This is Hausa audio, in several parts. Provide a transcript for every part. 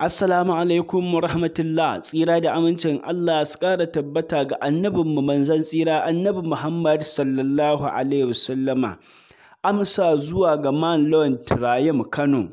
Assalamu alaikum wa rahmatullah tsira da amincin Allah su ƙara tabbata ga annabin mu, manzan tsira annabi Muhammad sallallahu alaihi wasallama amsa zuwa ga Man Loan, Trayum Kano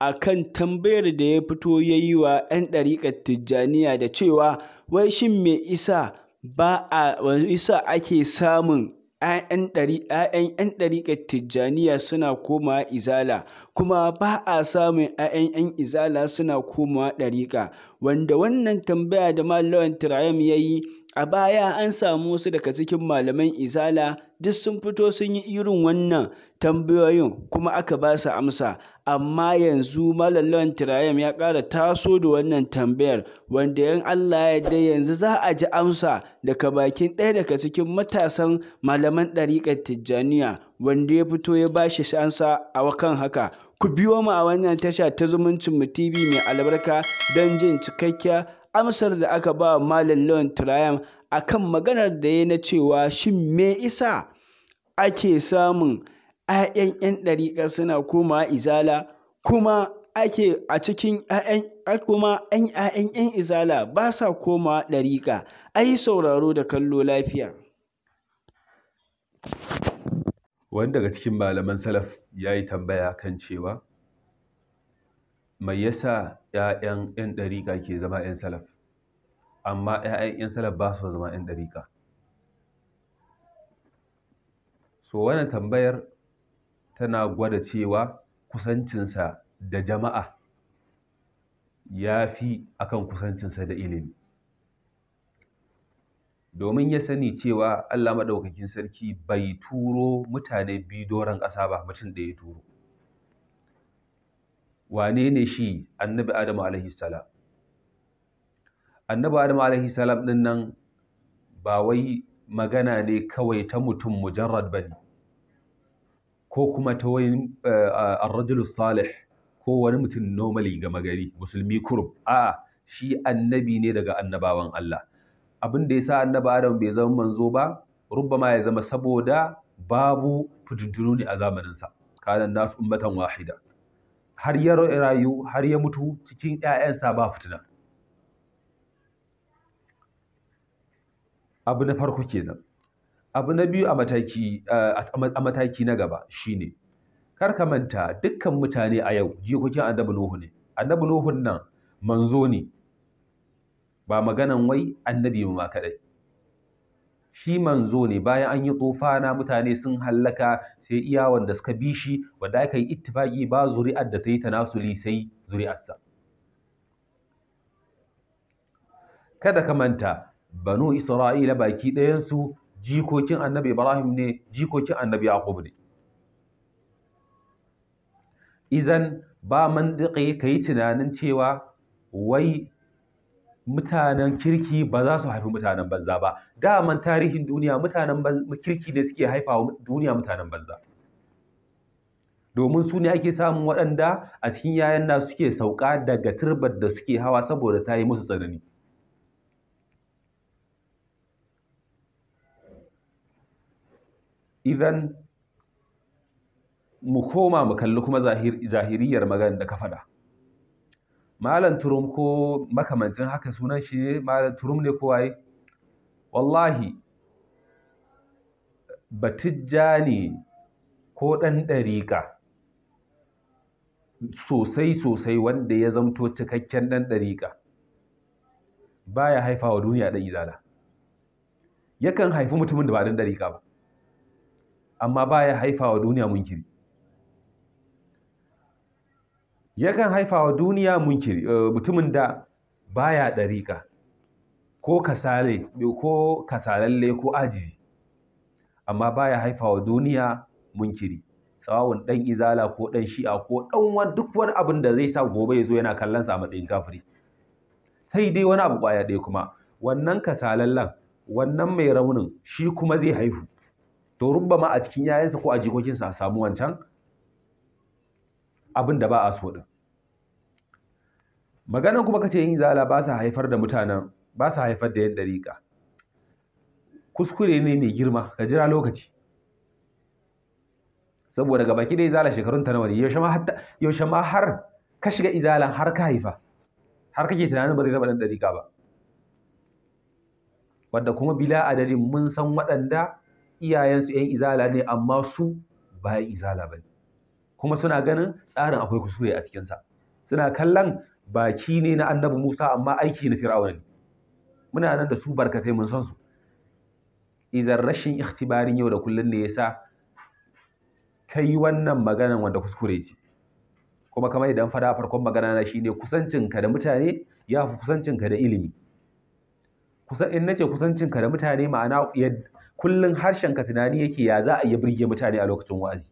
akan tambayar da ya fito yayi wa 'yan ɗariƙar Tijjaniya da cewa wai shin me isa ba a isa ake samun ‘ya'yan ‘yan ɗariƙar Tijjaniya suna komawa Izala, kuma ba a samun ‘ya'yan ‘yan Izala suna komawa ɗariƙa, wanda wannan tambaya da Malam Lawan Tirayam ya yi, a baya an samu wasu daga cikin malaman Izala duk sun fito sun yi irin wannan tambayoyin kuma aka ba su amsa amma yanzu malallon tirayam ya ƙara taso da wannan tambayar wanda yan Allah ya da yanzu za a ji amsa daga bakin ɗaya daga cikin matasan malaman ɗariƙar tijjaniya wanda ya fito ya ba shi amsa a kan haka ku biyo mu a wannan tasha ta zumuncin mu TV mai albarka don jin cikakkiya amsar da aka ba malallon tirayam a kan maganar da ya na cewa shin me isa ake samun 'ya'yan 'yan ɗariƙa suna koma izala kuma ake a cikin kuma 'yan 'ya'yan 'yan izala ba sa koma ɗariƙa ai sauraro da kallo lafiya wani daga cikin malaman salaf ya yi tambaya kan cewa mai yasa 'ya'yan 'yan ɗariƙa ke zama 'yan salaf amma 'ya'yan 'yan salaf ba su zama 'yan ɗariƙa so wannan tambayar tana gwada cewa kusancinsa da jama'a ya fi akan kusancinsa da ilimi domin ya sani cewa Allah maɗaukakin sarki bai turo mutane biyu doron ƙasa ba mutum da ya turo wane ne shi annabi adamu alaihi salam annabi adam alaihi salam din nan ba wai magana ne kawai ta mutum mujarrad bane ko kuma ta wani eh, arrajulu salih ko wani mutum normally ga magari musulmi kurub a shi annabi ne daga annabawan Allah abin da yasa annabi adam bai zama manzo ba rubbama ya zama saboda babu fitintunu ne a zamaninsa kanan nasu ummatan wahida har ya rayu har ya mutu cikin ƴaƴansa ba fitina abu na farko kenan abu na biyu eh, a mataki na gaba shine kar ka manta dukkan mutane a yau jikokin annabi nuhu ne annabi nuhu nan manzo ne ba maganan wai annabi ma kadai shi manzo ne bayan an yi tsofana mutane sun hallaka sai iya wanda suka bi shi wanda aka yi ittifaki ba zuri'ar da ta yi tanasuli sai zuri'arsa kada ka manta banu isra'ila baki ɗayansu jikokin annabi ibrahim ne jikokin annabi yaqub ne izan ba mandiki kai tunanin cewa wai mutanen kirki ba za su haifi mutanen banza ba daman tarihin duniya mutanen kirki ne suke haifawa duniya mutanen banza domin su ne ake samun waɗanda a cikin yayan nasu suke sauka daga turbar da suke hawa saboda ta yi musu tsanani idan mu koma mu kalli kuma zahiriyar magana da ka faɗa malam turum ko makamancin haka sunan shi malam turum ne ko waye wallahi batijja ne ko ɗan ɗariƙa sosai sosai wanda ya zamto cikakken ɗan ɗariƙa baya haifa wa duniya ɗan izala yakan haifi mutumin da ba ɗan ɗariƙa ba amma ba haifa haifawa duniya munkiri yakan haifawa duniya munkiri eh, mutumin da baya dariƙa ko kasale ko kasalalle ko ajiji amma ba baya haifawa duniya munkiri tsawon ɗan izala ko ɗan shi'a ko ɗan wani duk wani abin da zai sa gobe ya zo yana kallon sa a matsayin kafiri sai dai wani abu baya ɗaya kuma wannan kasalallen, wannan mai raunin shi kuma zai haihu to rubbama a cikin yayansa ko a jikokinsa a samu wancan abin da ba a so din maganan kuma kace yin zala ba sa haifar da mutanen ba sa haifar da yadda rika kuskure ne mai girma ka jira lokaci saboda ga baki dai zala shekarun ta nawa ne yaushe ma har ka shiga izalan har ka haifa har kake tunanin ba zai zama dan dariƙa ba wadda kuma bila adadin mun san waɗanda iyayensu ‘yan izala ne amma su ba izala ba ne kuma suna ganin tsarin akwai kuskure a cikinsa suna kallon baki ne na annabi musa amma aiki na fir'auna ne muna nan da su barkatai mun san su idan rashin ikhtibarin yau da kullun ne yasa kai wannan maganan wanda kuskure ce kuma kamar idan fada farkon magana na shine kusancinka da mutane ya fi kusancinka da ilimi kusa in nace kusancinka da mutane ma'ana Kullum harshen ka tunani yake ya za a yi birge mutane a lokacin wa'azi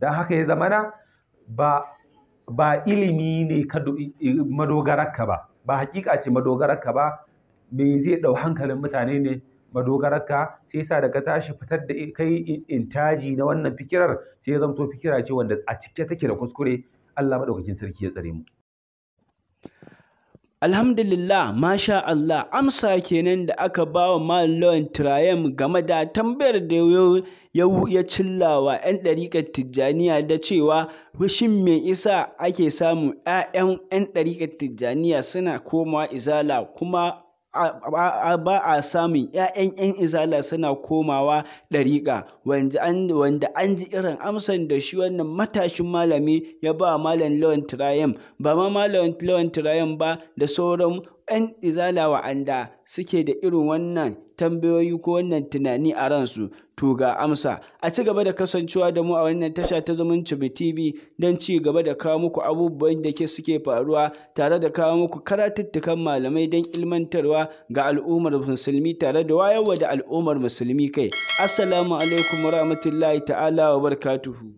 dan haka ya zamana ba ba ilimi ne ka ba ba hakika ce ka ba me zai dau hankalin mutane ne ka sai sa daga tashi fitar da kai intaji na wannan fikirar sai ya zamto fikira ce wanda a cike take da kuskure Allah madaukakin sarki ya tsare mu Alhamdulillah, masha Allah, amsa kenan da aka ba wa Malon Trayem game da tambayar da ya cillawa 'yan ɗariƙar Tijjaniya da cewa shin mai isa ake samu 'ya'yan 'yan ɗariƙar Tijjaniya suna komawa izala kuma ba a samun ‘ya'yan ‘yan izala suna komawa ɗariƙa wanda an ji irin amsan da shi wannan matashin malami ya ba malam lawan tirayam ba ma malam lawan tirayam ba da sauran ‘yan izala wa'anda suke da irin wannan tambayoyi ko wannan tunani a ransu to ga amsa a ci gaba da kasancewa da mu a wannan tasha ta zumunci tv don ci gaba da kawo muku abubuwan da ke suke faruwa tare da kawo muku karatuttukan malamai don ilmantarwa ga al'ummar musulmi tare da wayarwa da al'ummar musulmi kai assalamu alaikum warahmatullahi ta'ala wa barakatuhu